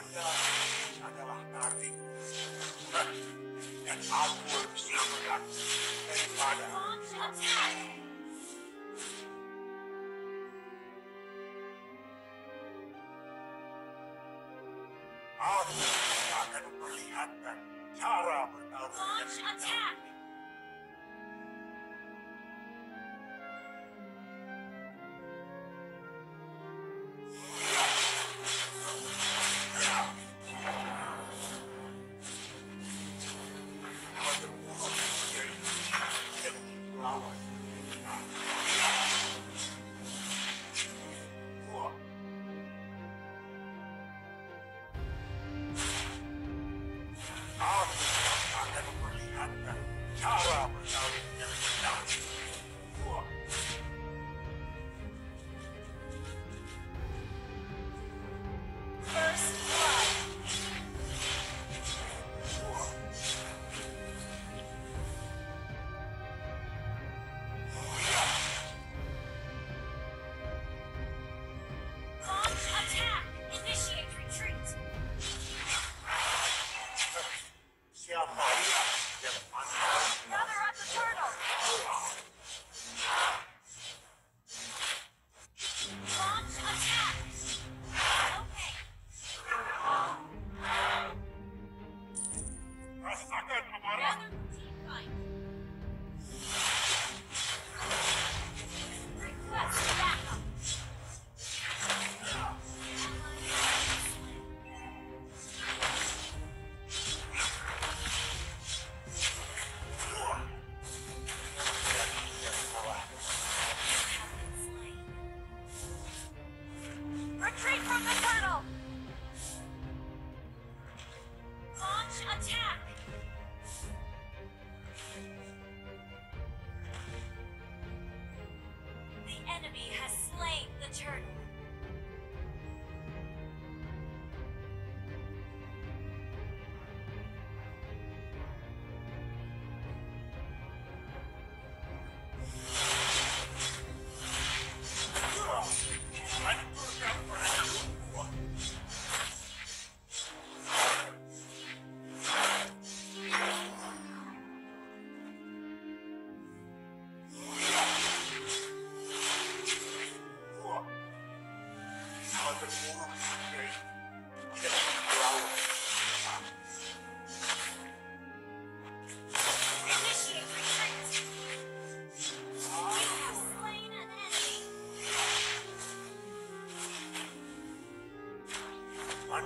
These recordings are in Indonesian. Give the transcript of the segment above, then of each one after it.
Anda adalah nabi dan aku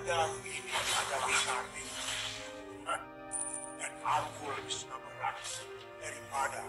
ada ini ada besarnya. Dan aku lebih suka berat daripada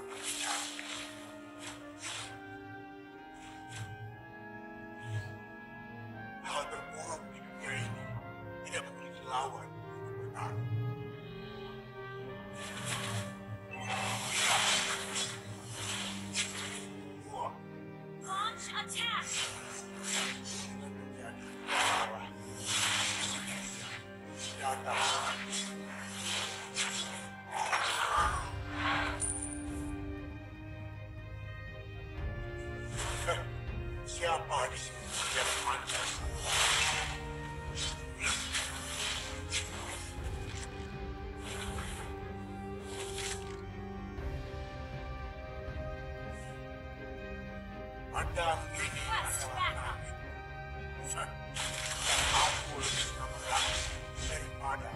ini Aku lebih mengharap daripada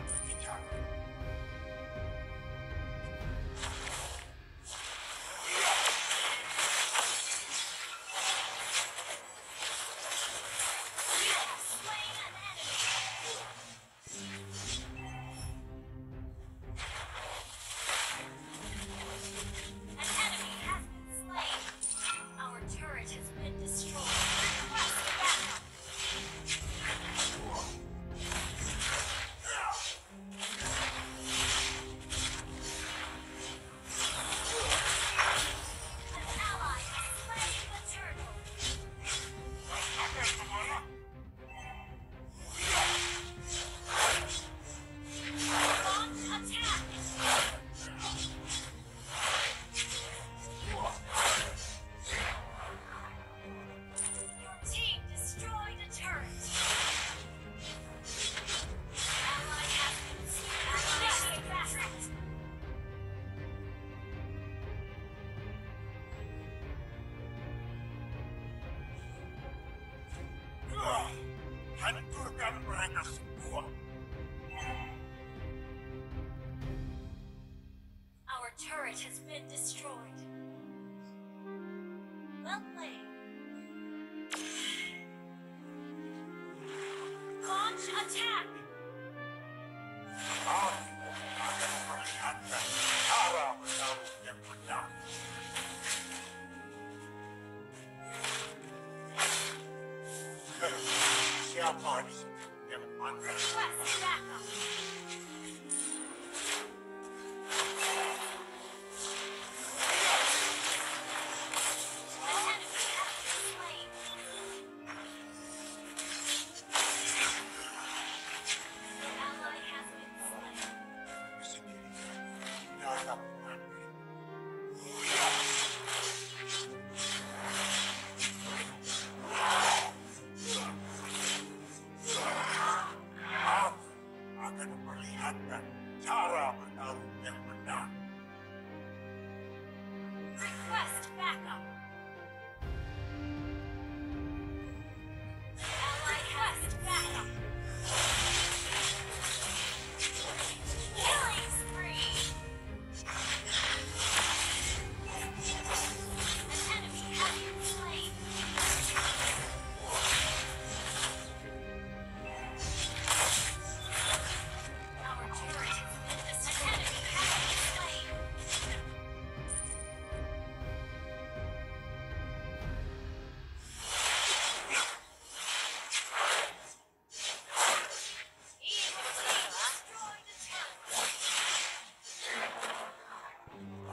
attack.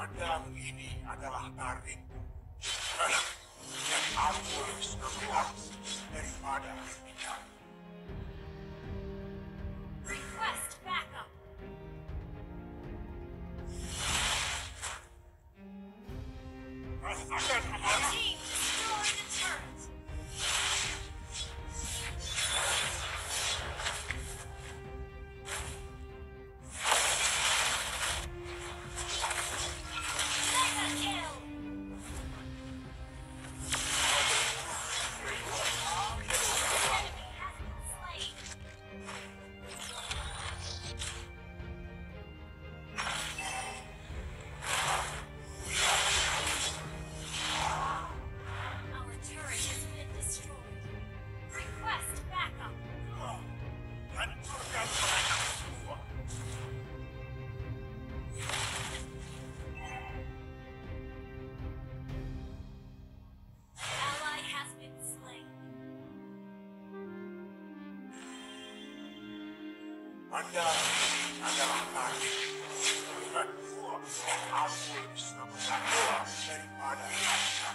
Pedang ini adalah tarik. Dan ya aku harus keluar daripada bidang. Anda adalah tadi. Dan gua, aku lebih senang daripada daripada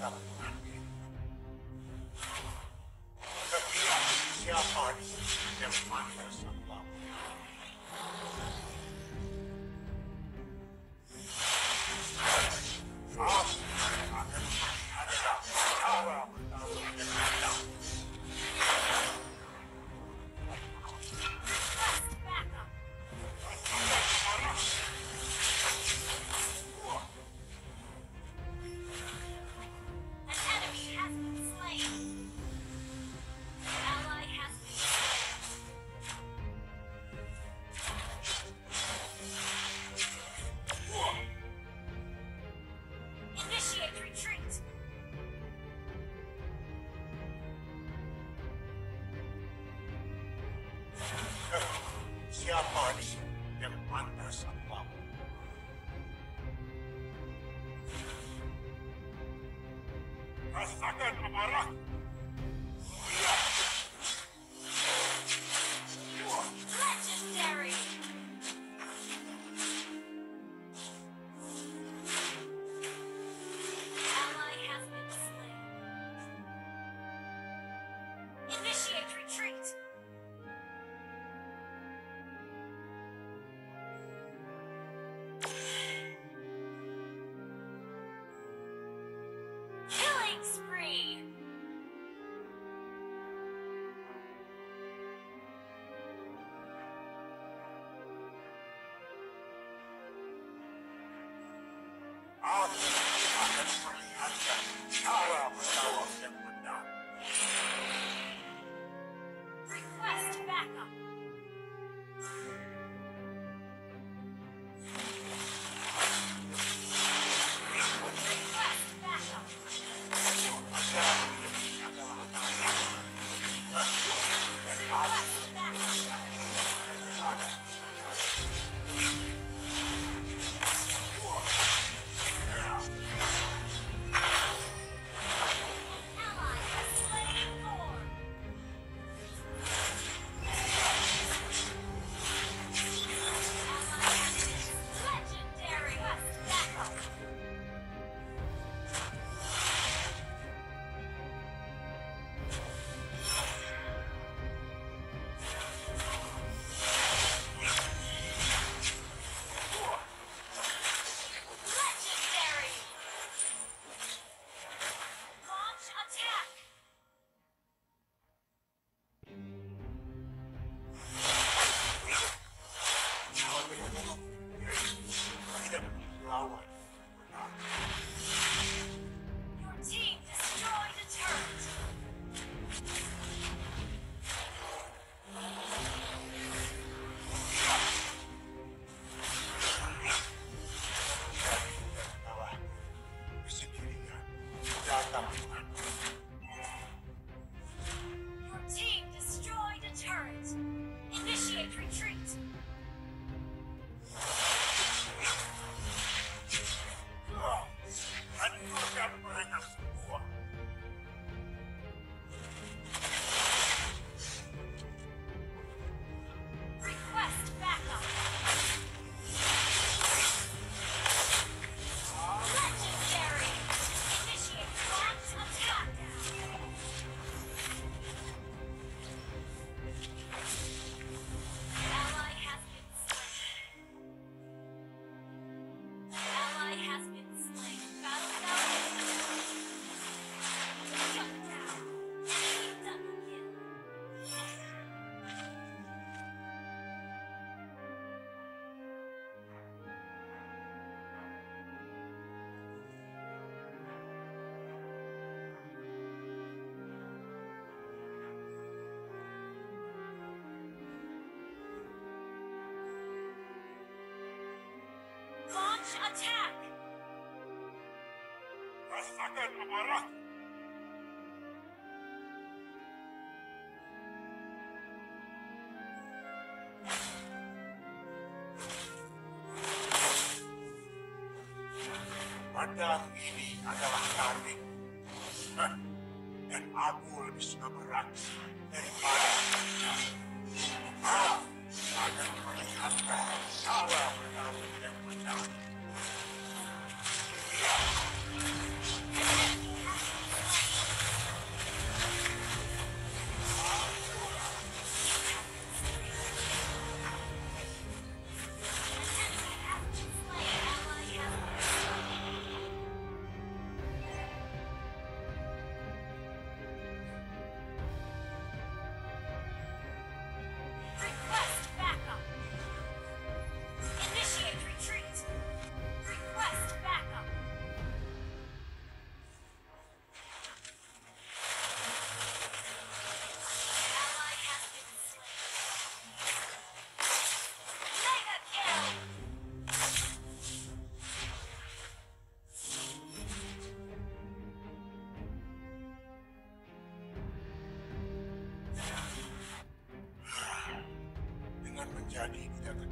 Thank you. attack! Rasakan amarah! Padang ini adalah tanding. Dan aku lebih suka beraksi daripada Maaf, ah! akan melihatkan cara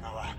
power.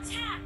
Attack!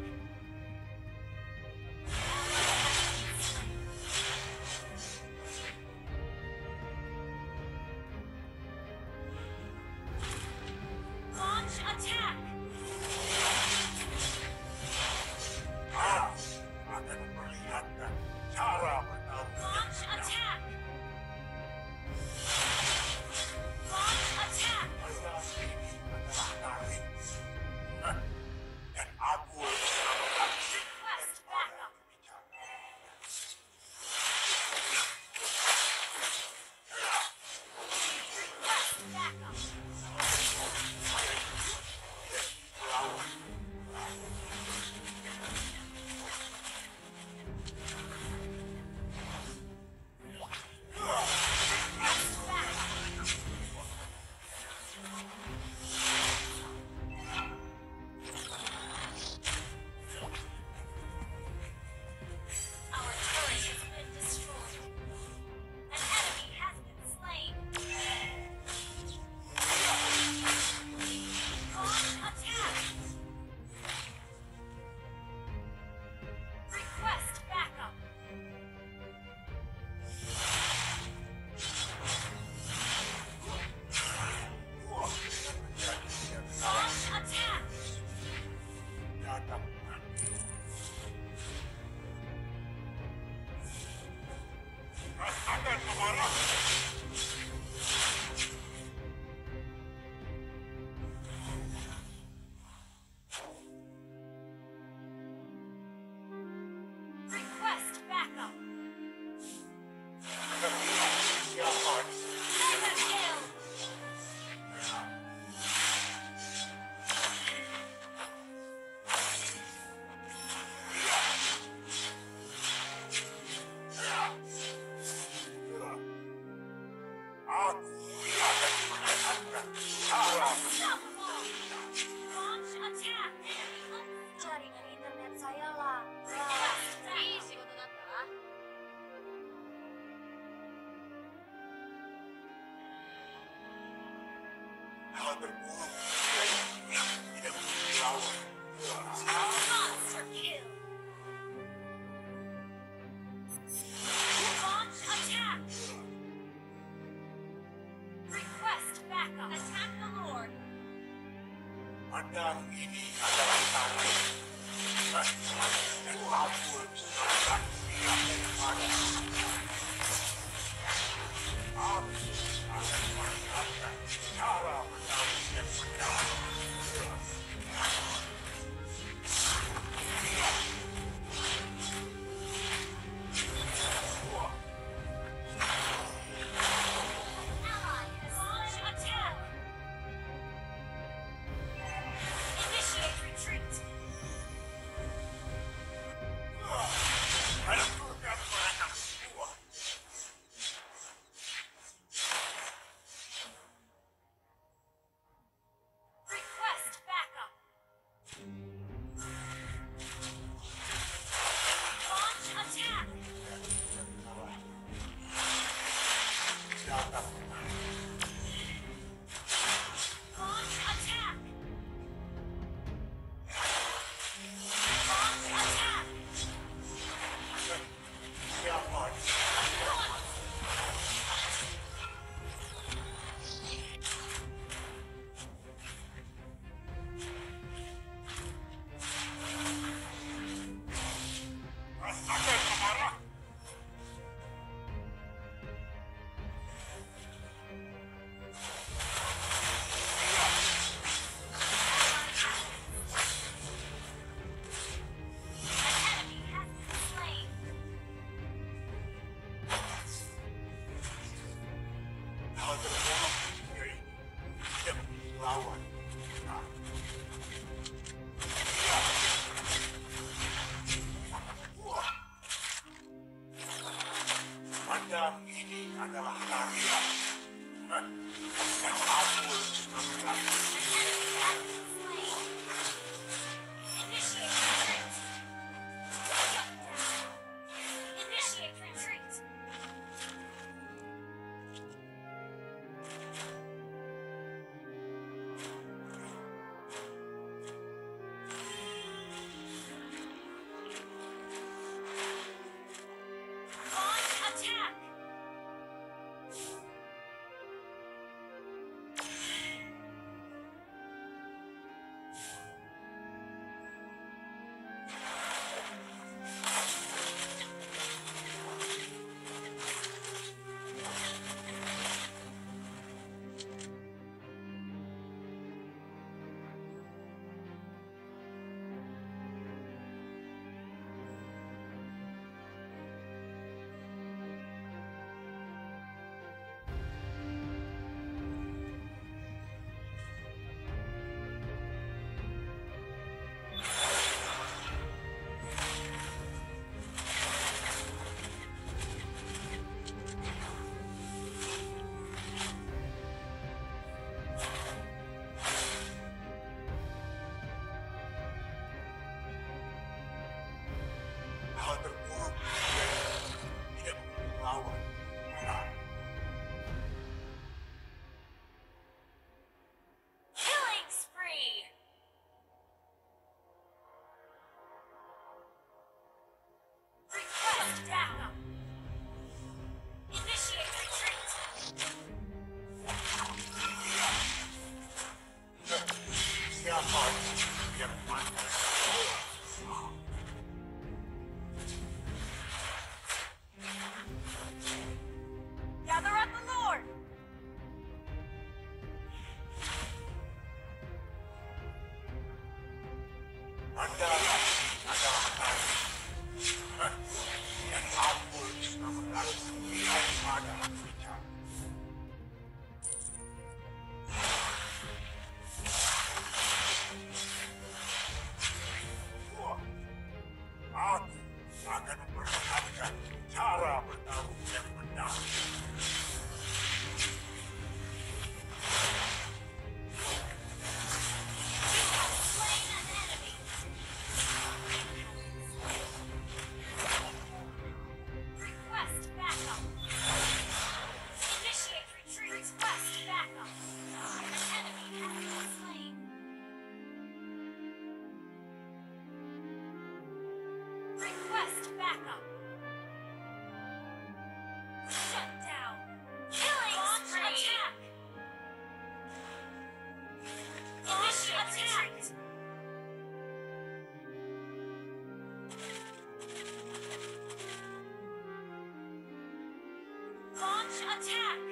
Attack!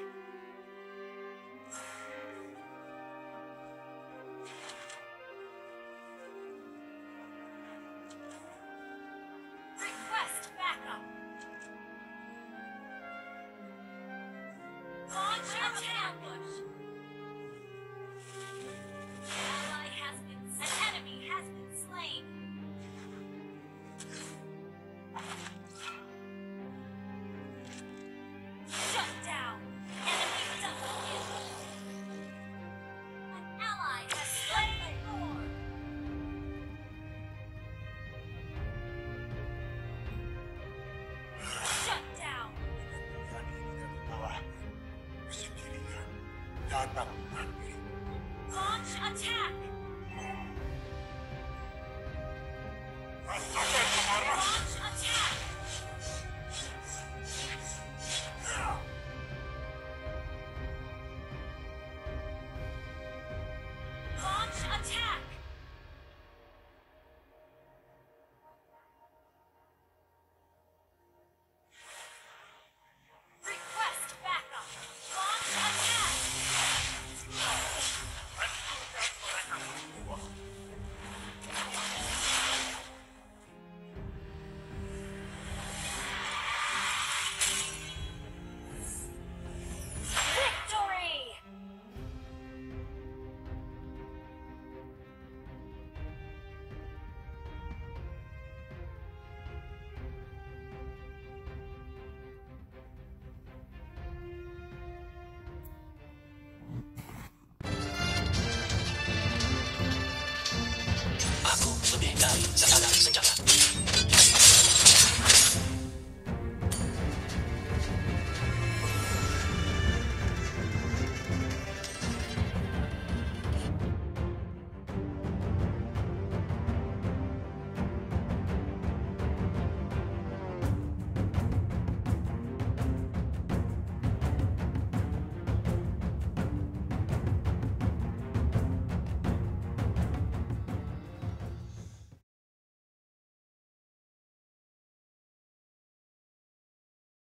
增加了身价了。